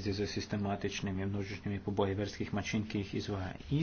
z sistematičnimi množičnimi poboji verskih mačin, ki jih izvaja iz